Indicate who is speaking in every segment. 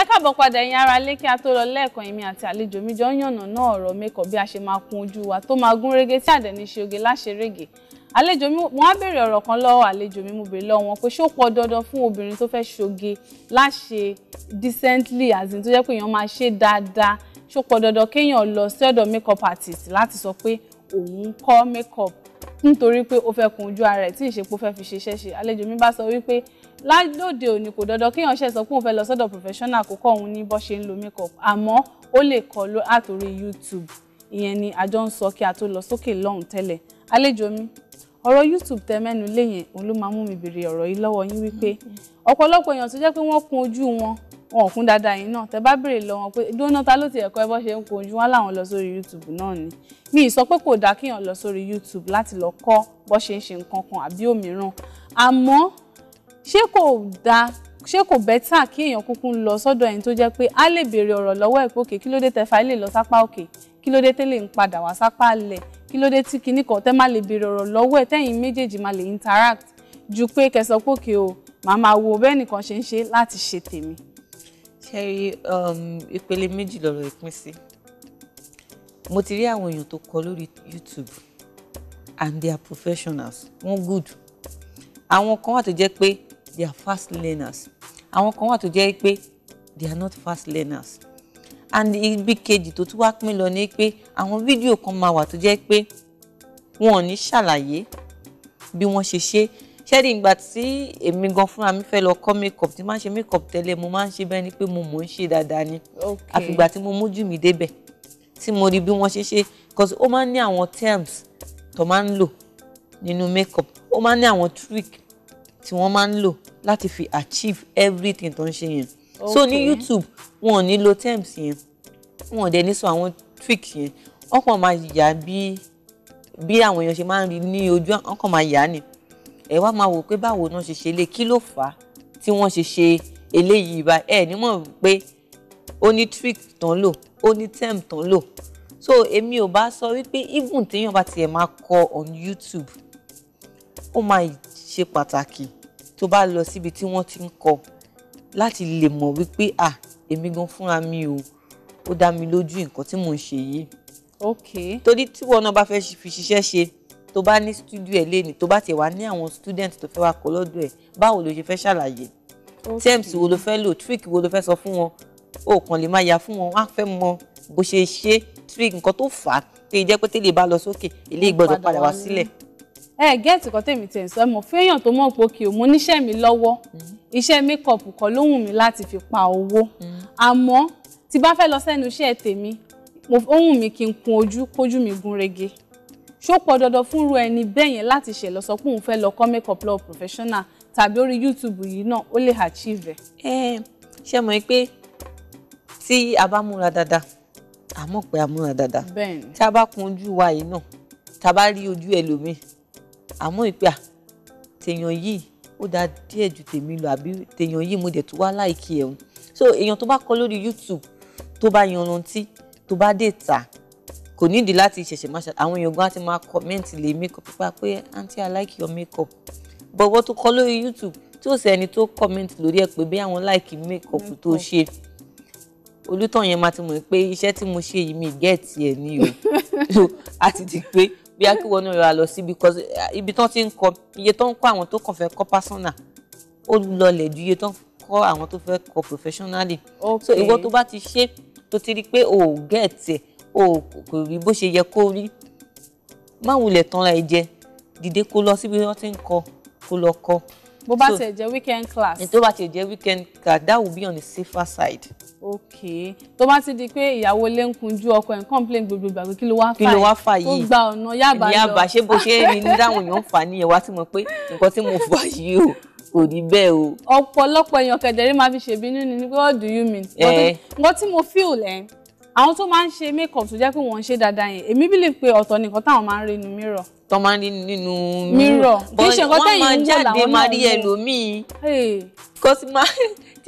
Speaker 1: ẹ káàbọ̀ padà ẹ̀yin ara lé kí a tó lọ lẹ́ẹ̀kan èmi àti àlejò mi jọ ń yànnà náà ọ̀rọ̀ mẹ́kọ̀ bí a ṣe máa kun ojú wa tó máa gún régé tí àdẹ̀ ní ṣe oge láṣerége àlejò mi wọn á béèrè ọ̀rọ̀ kan lọ́wọ́ àlejò mi mo béèrè lọ́wọ́ wọn pé ṣó pọ̀ dandan fún obìnrin tó fẹ́ ṣoge láṣe decently as in tó jẹ́ pé èèyàn máa ṣe dáadáa ṣó pọ̀ dandan kéèyàn lọ sí ọ̀dọ̀ makeup artist láti sọ pé òun kọ́ makeup nítorí pé ó fẹ́ kun ojú ara ẹ̀ tí ìṣepò fẹ́ fi ṣiṣẹ́ ṣe àlejò mi bá sọ wípé lóde òní kò dandan kéèyàn ṣe sọ pé òun fẹ́ lọ sọ́dọ̀ professional kó kọ́ òun ní bó ṣe ń lo makeup àmọ́ ó lè kọ́ látòrí YouTube ìyẹn ni àjọ ń sọ kí a tó lọ sókè lọ́hùn tẹ́lẹ̀ àlejò mi ọ̀rọ̀ YouTube tẹ mẹ́nu lé yẹn òun ló máa mú mi bèrè ọ̀rọ̀ yìí lọ́wọ́ yín wípé ọ̀pọ̀lọpọ̀ èèyàn tó jẹ́ pé wọ́n kun ojú wọn wọn kún dáadáa yìí náà tẹ bá béèrè lọ wọn pé dóná ta ló ti ẹ̀kọ́ ẹ ṣe ń kun ojú wọn láwọn lọ sórí YouTube náà ni mi ì sọ pé kò dáa kéèyàn lọ sórí YouTube láti lọ kọ́ bọ́ ṣe ń ṣe nǹkan kan àbí òmíràn àmọ́ ṣé kò dáa ṣé kò bẹ́tà kí èèyàn kúkú ń lọ sọ́dọ̀ ẹni tó jẹ́ pé a lè béèrè ọ̀rọ̀ lọ́wọ́ ẹ̀ pé òkè kí ló dé tẹ̀fà lè lọ sápá òkè kí ló dé tẹ́lẹ̀ ń padà wá sápá lẹ̀ kí ló dé tí kinní kan tẹ́ má lè béèrè ọ̀rọ̀ lọ́wọ́ ẹ̀ tẹ́yìn méjèèjì má lè interact ju pé kẹsọ pé òkè o màá máa wo bẹ́ẹ̀ nìkan ṣe ń ṣe láti ṣe tèmi.
Speaker 2: ṣe rí um, ìpele méjì lọ́rọ̀ ìpín sí mo ti rí àwọn èèyàn tó kọ lórí YouTube and they professionals wọ́n good àwọn kan wà tó jẹ́ pé they are fast learners àwọn kan wà tó jẹ́ pé they are not fast learners and ibi kejì tó tún wá pín lọ ni pé àwọn fídíò kan máa wà tó jẹ́ pé wọn ò ní ṣàlàyé bí wọ́n ṣe ṣe ṣẹ́ẹ̀dì ìgbà tí èmi gan fúnra mi fẹ́ lọ kọ́ makeup tí máa ń ṣe makeup tẹ́lẹ̀ mo máa ń ṣe bẹ́ẹ̀ ni pé mo mọ̀ ń ṣe dáadáa ni àfìgbà tí mo mójú mi débẹ̀ tí mo rí bí wọ́n ṣe ṣe because ó máa ń ní àwọn terms tó máa ń lò nínú makeup ó máa ń ní àwọn trick tí wọ́n máa ń lò láti fi achieve everything tó ń ṣe yẹn so ní YouTube wọn ò ní lo terms yẹn wọn ò dẹ̀ ní sọ àwọn trick yẹn ọkàn máa yà bí bí àwọn èèyàn ṣe máa ń rí ní ojú ọkàn máa yà ni ẹ wá máa wò pé báwo náà ṣe ṣe lé kí ló fà á tí wọ́n ṣe ṣe eléyìí bá ẹ nímọ̀ pé ó ní trick tán lò ó ní term tán lò so èmi ò bá sọ wípé even téèyàn bá tiẹ̀ máa kọ on YouTube ó máa ṣe pàtàkì tó bá lọ síbi tí wọ́n ti ń kọ́ láti lè mọ̀ wípé à èmi gan fúnra mi o ó dá mi lójú nǹkan tí mò ń ṣe yìí. ok torí tí wọn náà bá fẹ́ fi ṣiṣẹ́ ṣe tó bá ní studio ẹ̀ léni tó bá tiẹ̀ wá ní àwọn student tó fẹ́ wá kọ́ lọ́dọ̀ ẹ̀ báwo ló ṣe fẹ́ ṣàlàyé terms wo ló fẹ́ lò trick wo ló fẹ́ sọ fún wọn ó kàn lè máa ya fún wọn wọ́n á fẹ́ mọ bó ṣe ṣe trick nǹkan tó fà á pé jẹ́ pé bá lọ sókè èlé ìgbọ́dọ̀ padà wá sílẹ̀
Speaker 1: ẹ gẹ́ẹ̀tì kan tèmi tẹ̀ ń sọ mọ̀ fún èèyàn tó mọ̀ pé kí o mo níṣẹ́ mi lọ́wọ́ mm. iṣẹ́ mékọ̀pù kan ló wù mí láti fi pa owó mm. àmọ́ tí bá fẹ́ lọ sẹ́nu iṣẹ́ tèmi ó wù mí kí n kun ojú kójú mi gún régé ṣó pọ̀ dandan fúnru ẹni bẹ́ẹ̀ yẹn láti ṣe lọ sọ pé òun fẹ́ lọ kọ́ makeup law professional tàbí orí YouTube yìí náà ó lè achieve ẹ̀. ẹ ṣe mọ̀ pé
Speaker 2: tí a bá múra dáadáa a mọ̀ pé a múra dáadáa tí a bá kun ojú wa yìí náà tá a bá rí ojú ẹlòmíì àmọ́ ìpè tèèyàn yìí ó dáa díẹ̀ ju tèmi lọ àbí tèèyàn yìí mo dẹ̀ tó wá láìkí ẹ̀hún so èèyàn tó bá kọ lórí YouTube tó bá yanrantí tó bá dé ta kò nídìí láti ṣẹ̀ṣẹ̀ máa ṣe àwọn èèyàn gan á ti máa kọ́mẹ́ǹtì lé makeup pípa pé aunty I like your makeup bọ̀wọ́ tó kọ lórí YouTube tí ó sì ẹni tó kọ́mẹ́ǹtì lórí ẹ̀ pé bí àwọn láìkí makeup tó ṣe olùtàn yẹn máa ti mọ̀ pé iṣẹ́ tí mo ṣe yìí mi gẹ̀ẹ́tì ẹ̀ ní o àti di pé bí akíwọ́nú rẹ̀ lọ sí because ibi tán ti ń kọ iye tó ń kọ́ àwọn tó kàn fẹ́ kọ́ personal ó lọlẹ̀ ju iye tó ń kọ́ àwọn tó fẹ́ kọ́ professionally so ìwọ tó bá ti ṣe tó ti rí pé o ò gẹ̀ẹ́tì o kò rí bó ṣe yẹ kó rí má wulẹ̀ tanra ẹ jẹ dìde kó lọ síbi wọ́n ti ń kọ́ kó lọ kọ́ bó bá ti
Speaker 1: jẹ́ weekend class. tó bá
Speaker 2: ti jẹ́ weekend class that will be on the safer side. ok
Speaker 1: tó bá ti di pé ìyàwó ilé ń kunjú ọkọ ẹ̀ ń complain gbogbo ìgbà pé kí ló wá fà yìí kí ló wá fà yìí tó gba ọ̀nà yàbá lọ yàbá ṣé bó ṣe ní dáhùn
Speaker 2: yóò fà níyẹn wá sí mọ̀ pé nǹkan tí mo fà yìí o kò rí bẹ́ẹ̀ o. ọ̀pọ̀lọpọ̀ èèyàn kẹ̀dẹ̀rí máa fi ṣèbínú ni what do you mean. nǹkan
Speaker 1: eh. tí mo feel ẹ̀ eh, àwọn tó máa ń ṣe makeup tó jẹ́ pé wọ́n ń ṣe dáadáa yẹn èmi believe pé ọ̀tọ̀ nìkan táwọn máa ń rí nínú mirror.
Speaker 2: tó máa ń rí nínú mirror kì í ṣe nǹkan tẹ́yìn ń wò làwọn náà wọ́n máa jáde máa rí ẹlòmíì kó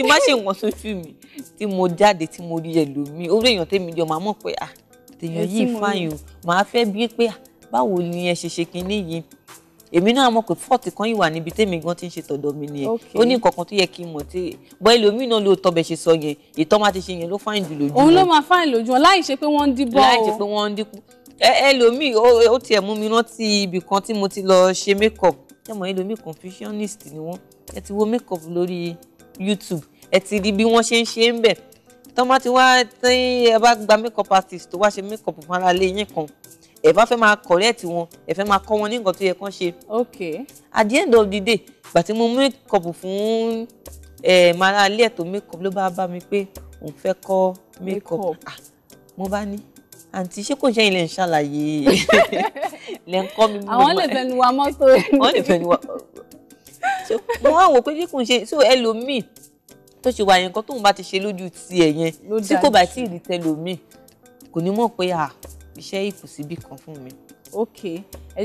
Speaker 2: tí má ṣe wọ́n sójú mi tí mo jáde tí mo rí ẹlòmíì orí èèyàn tèmi jọ máa mọ̀ pé ah tèèyàn yìí fáyìn o màá fẹ́ bí pé ah, báwo ni ẹ ṣe ṣe kinní yìí èmi náà mọ̀ pé fọ́ọ̀tì kan yìí wà níbi tẹ́mi gan ti ń ṣe tọ̀dọ̀ mi nìyẹn ó ní nǹkan kan tó yẹ kí n mọ̀ tí bọ́ ẹlòmíì náà ló tọbẹ̀ ṣe sọ yẹn ìtọ́ máa ti ṣe yẹn ló fáìn jù lójú òun ló máa
Speaker 1: fáìn lójú wọn láì ṣe pé wọ́n ń díbọ̀ o láì ṣe pé
Speaker 2: wọ́n ń dínkù ẹlòmíì ó tiẹ̀ mú mi rántí ibì kan tí mo ti lọ ṣe makeup tẹ́mọ̀ ẹlòmíì confucianist ni wọ́n ẹ ti wo makeup lórí YouTube ẹ ti rí bí wọ́n ṣe ń ṣe ń bẹ̀ tọ́ ẹ bá fẹ́ máa correct wọn ẹ fẹ́ máa kọ́ wọn ní nǹkan tó yẹ kán ṣe. ok at the end of the day gbà tí mo make up fún ẹ màá lé ẹ̀tọ́ make up ló bá bá mi pé òun fẹ́ kọ́ make up ah mo bá ní àǹtí ṣé kò ṣe ilẹ̀ ń ṣàlàyé lẹ́ ń kọ́ mi. àwọn lè fẹnu wa mọ́tò. àwọn lè fẹnu wa mo wá wò pé bí kò ń ṣe so ẹlòmíì tó ṣe wà yẹn nǹkan tóun bá ti ṣe lójú tiẹ̀ yẹn tí kò bá tí ì rí tẹlòmíì kò ní mọ̀ pé à ah, iṣẹ́ ìkù síbì kan fún mi. ok ẹ